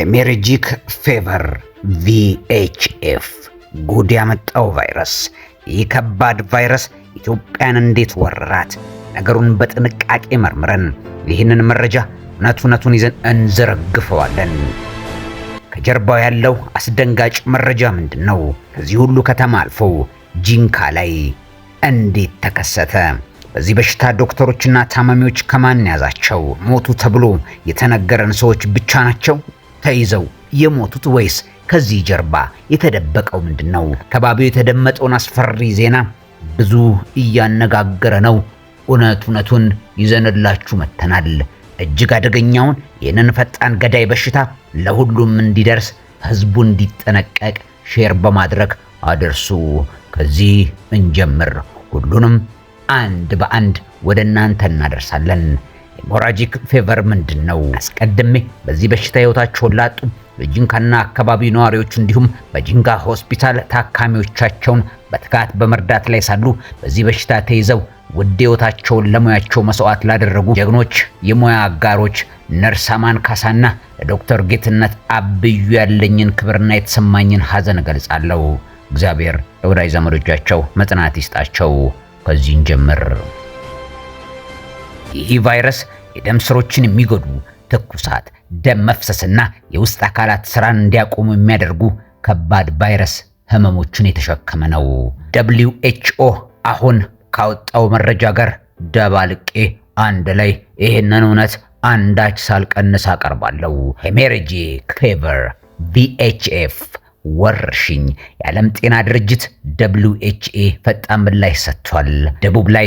ሄሜሬጂክ ፌቨር ቪኤችኤፍ ጉድ ያመጣው ቫይረስ። ይህ ከባድ ቫይረስ ኢትዮጵያን እንዴት ወረራት? ነገሩን በጥንቃቄ መርምረን ይህንን መረጃ እውነት እውነቱን ይዘን እንዘረግፈዋለን። ከጀርባው ያለው አስደንጋጭ መረጃ ምንድን ነው? ከዚህ ሁሉ ከተማ አልፎ ጂንካ ላይ እንዴት ተከሰተ? በዚህ በሽታ ዶክተሮችና ታማሚዎች ከማን ያዛቸው? ሞቱ ተብሎ የተነገረን ሰዎች ብቻ ናቸው? ተይዘው የሞቱት ወይስ ከዚህ ጀርባ የተደበቀው ምንድን ነው? ከባቢው የተደመጠውን አስፈሪ ዜና ብዙ እያነጋገረ ነው። እውነት እውነቱን ይዘንላችሁ መጥተናል። እጅግ አደገኛውን ይህንን ፈጣን ገዳይ በሽታ ለሁሉም እንዲደርስ ህዝቡ እንዲጠነቀቅ ሼር በማድረግ አደርሱ። ከዚህ እንጀምር። ሁሉንም አንድ በአንድ ወደ እናንተ እናደርሳለን። ሄሞራጂክ ፌቨር ምንድን ነው? አስቀድሜ በዚህ በሽታ ህይወታቸውን ላጡ በጂንካና አካባቢው ነዋሪዎች እንዲሁም በጂንካ ሆስፒታል ታካሚዎቻቸውን በትጋት በመርዳት ላይ ሳሉ በዚህ በሽታ ተይዘው ውድ ህይወታቸውን ለሙያቸው መስዋዕት ላደረጉ ጀግኖች የሙያ አጋሮች ነርስ አማን ካሳና ለዶክተር ጌትነት አብዩ ያለኝን ክብርና የተሰማኝን ሀዘን እገልጻለሁ። እግዚአብሔር ለወዳጅ ዘመዶቻቸው መጽናት ይስጣቸው። ከዚህን ጀምር ይህ ቫይረስ የደም ስሮችን የሚጎዱ ትኩሳት፣ ደም መፍሰስና የውስጥ አካላት ስራን እንዲያቆሙ የሚያደርጉ ከባድ ቫይረስ ህመሞችን የተሸከመ ነው። ደብሊው ኤችኦ አሁን ካወጣው መረጃ ጋር ደባልቄ አንድ ላይ ይህንን እውነት አንዳች ሳልቀንስ አቀርባለሁ። ሄሜሬጂክ ፌቨር ቪኤችኤፍ ወረርሽኝ የዓለም ጤና ድርጅት ደብሊው ኤች ኤ ፈጣን ምላሽ ሰጥቷል። ደቡብ ላይ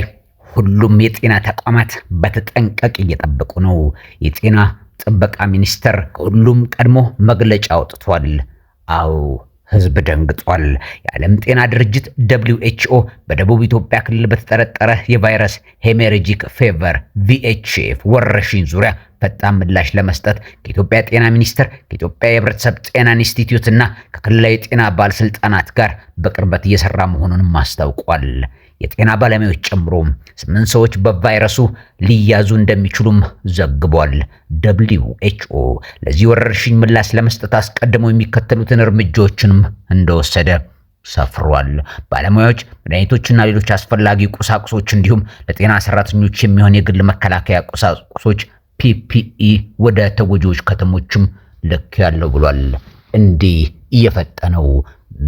ሁሉም የጤና ተቋማት በተጠንቀቅ እየጠበቁ ነው። የጤና ጥበቃ ሚኒስቴር ከሁሉም ቀድሞ መግለጫ አውጥቷል። አዎ ህዝብ ደንግጧል። የዓለም ጤና ድርጅት ደብሊው ኤችኦ በደቡብ ኢትዮጵያ ክልል በተጠረጠረ የቫይረስ ሄሜሬጂክ ፌቨር ቪኤችኤፍ ወረርሽኝ ዙሪያ ፈጣን ምላሽ ለመስጠት ከኢትዮጵያ ጤና ሚኒስቴር ከኢትዮጵያ የህብረተሰብ ጤና ኢንስቲትዩት እና ከክልላዊ ጤና ባለስልጣናት ጋር በቅርበት እየሰራ መሆኑንም አስታውቋል። የጤና ባለሙያዎች ጨምሮ ስምንት ሰዎች በቫይረሱ ሊያዙ እንደሚችሉም ዘግቧል። ደብሊው ኤችኦ ለዚህ ወረርሽኝ ምላሽ ለመስጠት አስቀድሞ የሚከተሉትን እርምጃዎችንም እንደወሰደ ሰፍሯል። ባለሙያዎች መድኃኒቶችና ሌሎች አስፈላጊ ቁሳቁሶች እንዲሁም ለጤና ሰራተኞች የሚሆን የግል መከላከያ ቁሳቁሶች ፒፒኢ ወደ ተጎጂዎች ከተሞችም ልክ ያለው ብሏል። እንዲህ እየፈጠነው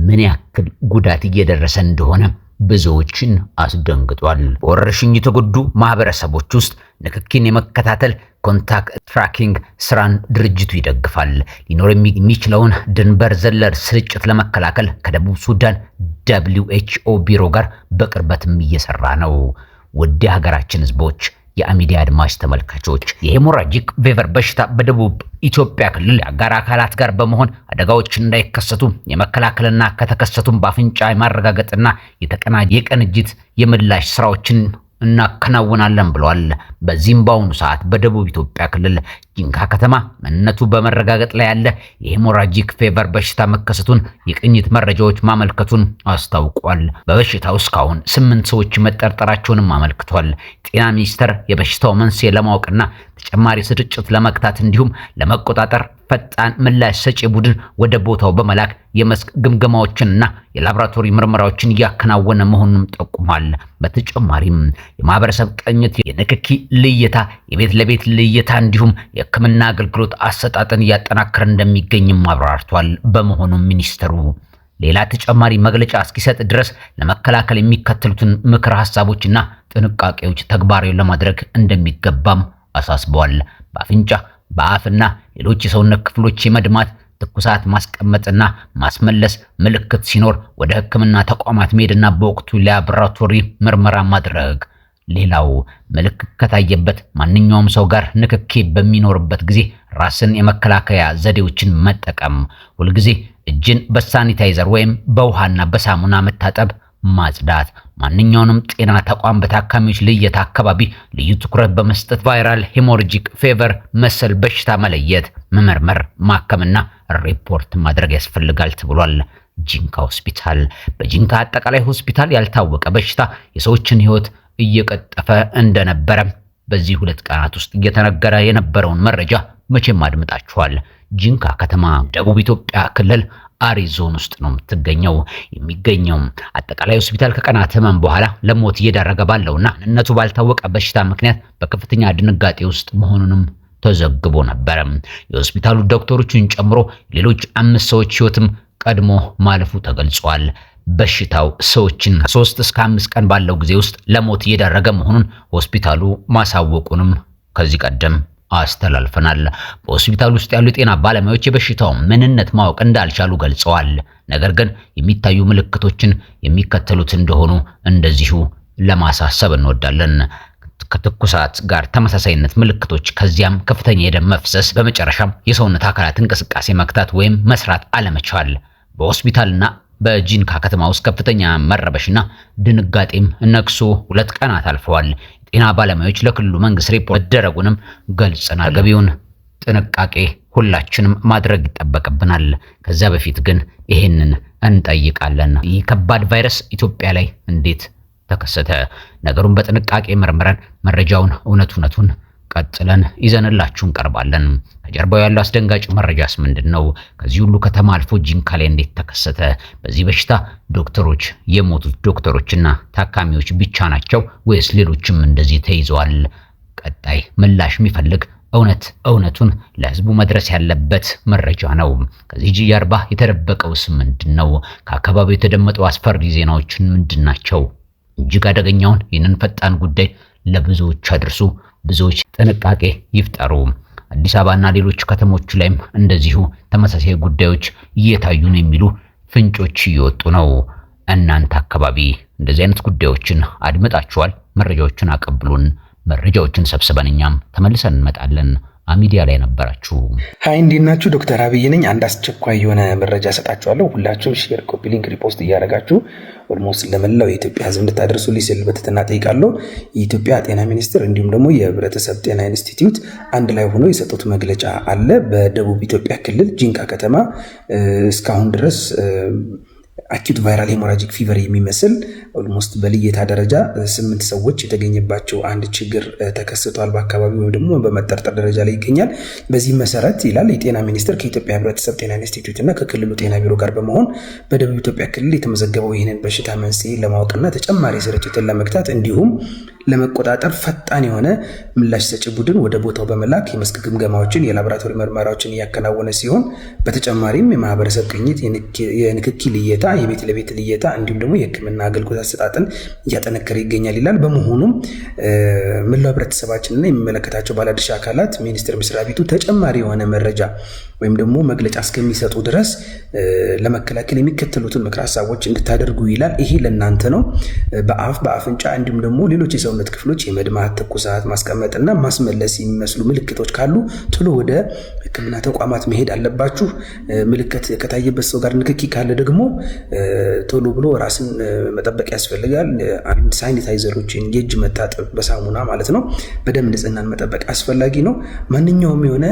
ምን ያክል ጉዳት እየደረሰ እንደሆነ ብዙዎችን አስደንግጧል። በወረርሽኝ የተጎዱ ማህበረሰቦች ውስጥ ንክኪን የመከታተል ኮንታክት ትራኪንግ ስራን ድርጅቱ ይደግፋል። ሊኖር የሚችለውን ድንበር ዘለር ስርጭት ለመከላከል ከደቡብ ሱዳን ደብሊው ኤች ኦ ቢሮ ጋር በቅርበትም እየሰራ ነው። ውድ የሀገራችን ህዝቦች የአሚዲያ አድማጭ ተመልካቾች የሄሞራጂክ ቬቨር በሽታ በደቡብ ኢትዮጵያ ክልል የአጋር አካላት ጋር በመሆን አደጋዎች እንዳይከሰቱ የመከላከልና ከተከሰቱም በአፍንጫ የማረጋገጥና የተቀናጀ የቅንጅት የምላሽ ስራዎችን እናከናውናለን ብለዋል። በዚህም በአሁኑ ሰዓት በደቡብ ኢትዮጵያ ክልል ጂንካ ከተማ ምንነቱ በመረጋገጥ ላይ ያለ የሄሞራጂክ ፌቨር በሽታ መከሰቱን የቅኝት መረጃዎች ማመልከቱን አስታውቋል። በበሽታው እስካሁን ስምንት ሰዎች መጠርጠራቸውንም አመልክቷል። ጤና ሚኒስቴር የበሽታው መንስኤ ለማወቅና ተጨማሪ ስርጭት ለመግታት እንዲሁም ለመቆጣጠር ፈጣን ምላሽ ሰጪ ቡድን ወደ ቦታው በመላክ የመስክ ግምገማዎችንና የላብራቶሪ ምርመራዎችን እያከናወነ መሆኑንም ጠቁሟል። በተጨማሪም የማህበረሰብ ቅኝት፣ የንክኪ ልየታ፣ የቤት ለቤት ልየታ እንዲሁም የሕክምና አገልግሎት አሰጣጥን እያጠናከረ እንደሚገኝም አብራርቷል። በመሆኑም ሚኒስትሩ ሌላ ተጨማሪ መግለጫ እስኪሰጥ ድረስ ለመከላከል የሚከተሉትን ምክር ሀሳቦችና ጥንቃቄዎች ተግባራዊ ለማድረግ እንደሚገባም አሳስበዋል። በአፍንጫ በአፍና ሌሎች የሰውነት ክፍሎች የመድማት ትኩሳት ማስቀመጥና ማስመለስ ምልክት ሲኖር ወደ ህክምና ተቋማት መሄድና በወቅቱ ላቦራቶሪ ምርመራ ማድረግ ሌላው ምልክት ከታየበት ማንኛውም ሰው ጋር ንክኪ በሚኖርበት ጊዜ ራስን የመከላከያ ዘዴዎችን መጠቀም፣ ሁልጊዜ እጅን በሳኒታይዘር ወይም በውሃና በሳሙና መታጠብ፣ ማጽዳት፣ ማንኛውንም ጤና ተቋም በታካሚዎች ልየት አካባቢ ልዩ ትኩረት በመስጠት ቫይራል ሄሞራጂክ ፌቨር መሰል በሽታ መለየት፣ መመርመር፣ ማከምና ሪፖርት ማድረግ ያስፈልጋል ተብሏል። ጂንካ ሆስፒታል። በጂንካ አጠቃላይ ሆስፒታል ያልታወቀ በሽታ የሰዎችን ህይወት እየቀጠፈ እንደነበረ በዚህ ሁለት ቀናት ውስጥ እየተነገረ የነበረውን መረጃ መቼም አድምጣችኋል። ጂንካ ከተማ ደቡብ ኢትዮጵያ ክልል አሪዞን ውስጥ ነው የምትገኘው። የሚገኘው አጠቃላይ ሆስፒታል ከቀናት ህመም በኋላ ለሞት እየዳረገ ባለውና ማንነቱ ባልታወቀ በሽታ ምክንያት በከፍተኛ ድንጋጤ ውስጥ መሆኑንም ተዘግቦ ነበረ። የሆስፒታሉ ዶክተሮችን ጨምሮ ሌሎች አምስት ሰዎች ህይወትም ቀድሞ ማለፉ ተገልጿል። በሽታው ሰዎችን ከሶስት እስከ አምስት ቀን ባለው ጊዜ ውስጥ ለሞት እየዳረገ መሆኑን ሆስፒታሉ ማሳወቁንም ከዚህ ቀደም አስተላልፈናል። በሆስፒታል ውስጥ ያሉ የጤና ባለሙያዎች የበሽታውን ምንነት ማወቅ እንዳልቻሉ ገልጸዋል። ነገር ግን የሚታዩ ምልክቶችን የሚከተሉት እንደሆኑ እንደዚሁ ለማሳሰብ እንወዳለን። ከትኩሳት ጋር ተመሳሳይነት ምልክቶች፣ ከዚያም ከፍተኛ የደም መፍሰስ፣ በመጨረሻም የሰውነት አካላት እንቅስቃሴ መክታት ወይም መስራት አለመቻል በሆስፒታልና በጂንካ ከተማ ውስጥ ከፍተኛ መረበሽና ድንጋጤም ነግሶ ሁለት ቀናት አልፈዋል። ጤና ባለሙያዎች ለክልሉ መንግስት ሪፖርት መደረጉንም ገልጸናል። ተገቢውን ጥንቃቄ ሁላችንም ማድረግ ይጠበቅብናል። ከዚያ በፊት ግን ይህንን እንጠይቃለን። ይህ ከባድ ቫይረስ ኢትዮጵያ ላይ እንዴት ተከሰተ? ነገሩን በጥንቃቄ መርምረን መረጃውን እውነት እውነቱን ቀጥለን ይዘንላችሁ እንቀርባለን። ከጀርባው ያለው አስደንጋጭ መረጃስ ምንድን ነው? ከዚህ ሁሉ ከተማ አልፎ ጂንካ ላይ እንዴት ተከሰተ? በዚህ በሽታ ዶክተሮች የሞቱት ዶክተሮችና ታካሚዎች ብቻ ናቸው ወይስ ሌሎችም እንደዚህ ተይዘዋል? ቀጣይ ምላሽ የሚፈልግ እውነት እውነቱን ለህዝቡ መድረስ ያለበት መረጃ ነው። ከዚህ ጅያርባ የተደበቀውስ ምንድን ነው? ከአካባቢው የተደመጡ አስፈሪ ዜናዎችን ምንድን ናቸው? እጅግ አደገኛውን ይህንን ፈጣን ጉዳይ ለብዙዎች አድርሱ። ብዙዎች ጥንቃቄ ይፍጠሩ። አዲስ አበባና ሌሎች ከተሞች ላይም እንደዚሁ ተመሳሳይ ጉዳዮች እየታዩ ነው የሚሉ ፍንጮች እየወጡ ነው። እናንተ አካባቢ እንደዚህ አይነት ጉዳዮችን አድምጣችኋል? መረጃዎችን አቀብሉን። መረጃዎችን ሰብስበን እኛም ተመልሰን እንመጣለን። አሚዲያ ላይ ነበራችሁ። ሀይ እንዲናችሁ ናችሁ? ዶክተር አብይ ነኝ። አንድ አስቸኳይ የሆነ መረጃ ሰጣችኋለሁ። ሁላችሁም ሼር፣ ኮፒ ሊንክ፣ ሪፖስት እያደረጋችሁ ኦልሞስት ለመላው የኢትዮጵያ ሕዝብ እንድታደርሱልኝ ስል በትህትና ጠይቃለሁ። የኢትዮጵያ ጤና ሚኒስቴር እንዲሁም ደግሞ የህብረተሰብ ጤና ኢንስቲትዩት አንድ ላይ ሆኖ የሰጡት መግለጫ አለ። በደቡብ ኢትዮጵያ ክልል ጂንካ ከተማ እስካሁን ድረስ አኪዩት ቫይራል ሄሞራጂክ ፊቨር የሚመስል ኦልሞስት በልየታ ደረጃ ስምንት ሰዎች የተገኘባቸው አንድ ችግር ተከስቷል በአካባቢ ወይም ደግሞ በመጠርጠር ደረጃ ላይ ይገኛል። በዚህ መሰረት ይላል የጤና ሚኒስቴር ከኢትዮጵያ ሕብረተሰብ ጤና ኢንስቲትዩት እና ከክልሉ ጤና ቢሮ ጋር በመሆን በደቡብ ኢትዮጵያ ክልል የተመዘገበው ይህንን በሽታ መንስኤ ለማወቅና ተጨማሪ ስርጭትን ለመግታት እንዲሁም ለመቆጣጠር ፈጣን የሆነ ምላሽ ሰጪ ቡድን ወደ ቦታው በመላክ የመስክ ግምገማዎችን፣ የላቦራቶሪ ምርመራዎችን እያከናወነ ሲሆን በተጨማሪም የማህበረሰብ ቅኝት፣ የንክኪ ልየታ፣ የቤት ለቤት ልየታ እንዲሁም ደግሞ የሕክምና አገልግሎት አሰጣጥን እያጠነከረ ይገኛል ይላል። በመሆኑም መላው ህብረተሰባችንና የሚመለከታቸው ባለድርሻ አካላት ሚኒስቴር መስሪያ ቤቱ ተጨማሪ የሆነ መረጃ ወይም ደግሞ መግለጫ እስከሚሰጡ ድረስ ለመከላከል የሚከተሉትን ምክር ሀሳቦች እንድታደርጉ ይላል። ይሄ ለእናንተ ነው። በአፍ በአፍንጫ እንዲሁም ደግሞ ሌሎች የሰው የሰውነት ክፍሎች የመድማት፣ ትኩሳት፣ ማስቀመጥና ማስመለስ የሚመስሉ ምልክቶች ካሉ ቶሎ ወደ ሕክምና ተቋማት መሄድ አለባችሁ። ምልክት ከታየበት ሰው ጋር ንክኪ ካለ ደግሞ ቶሎ ብሎ ራስን መጠበቅ ያስፈልጋል። አንድ ሳኒታይዘሮችን፣ የእጅ መታጠብ በሳሙና ማለት ነው፣ በደንብ ንጽህናን መጠበቅ አስፈላጊ ነው። ማንኛውም የሆነ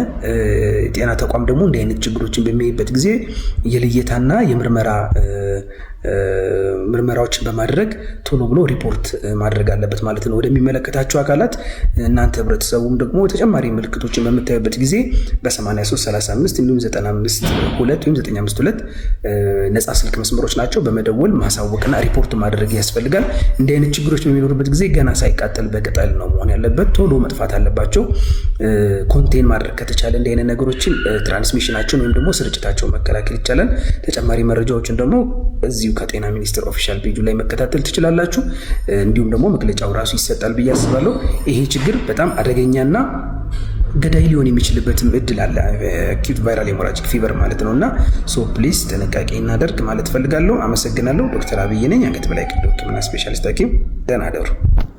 ጤና ተቋም ደግሞ እንዲህ አይነት ችግሮችን በሚያይበት ጊዜ የልየታና የምርመራ ምርመራዎችን በማድረግ ቶሎ ብሎ ሪፖርት ማድረግ አለበት ማለት ነው ወደሚመለከታቸው አካላት። እናንተ ህብረተሰቡም ደግሞ ተጨማሪ ምልክቶችን በምታዩበት ጊዜ በ8335 እንዲሁም 952 ወይም 952 ነፃ ስልክ መስመሮች ናቸው በመደወል ማሳወቅና ሪፖርት ማድረግ ያስፈልጋል። እንዲህ አይነት ችግሮች በሚኖሩበት ጊዜ ገና ሳይቃጠል በቅጠል ነው መሆን ያለበት። ቶሎ መጥፋት አለባቸው። ኮንቴን ማድረግ ከተቻለ እንዲህ አይነት ነገሮችን ትራንስሚሽናቸውን ወይም ደግሞ ስርጭታቸውን መከላከል ይቻላል። ተጨማሪ መረጃዎችን ደግሞ እዚሁ በዚሁ ከጤና ሚኒስቴር ኦፊሻል ፔጁ ላይ መከታተል ትችላላችሁ። እንዲሁም ደግሞ መግለጫው ራሱ ይሰጣል ብዬ አስባለሁ። ይሄ ችግር በጣም አደገኛና ገዳይ ሊሆን የሚችልበትም እድል አለ። አኪዩት ቫይራል ሄሞራጂክ ፊቨር ማለት ነው እና ሶ ፕሊስ ጥንቃቄ እናደርግ ማለት ፈልጋለሁ። አመሰግናለሁ። ዶክተር አብይ ነኝ፣ አንገት በላይ ቀዶ ሕክምና ስፔሻሊስት ሐኪም። ደህና ደሩ።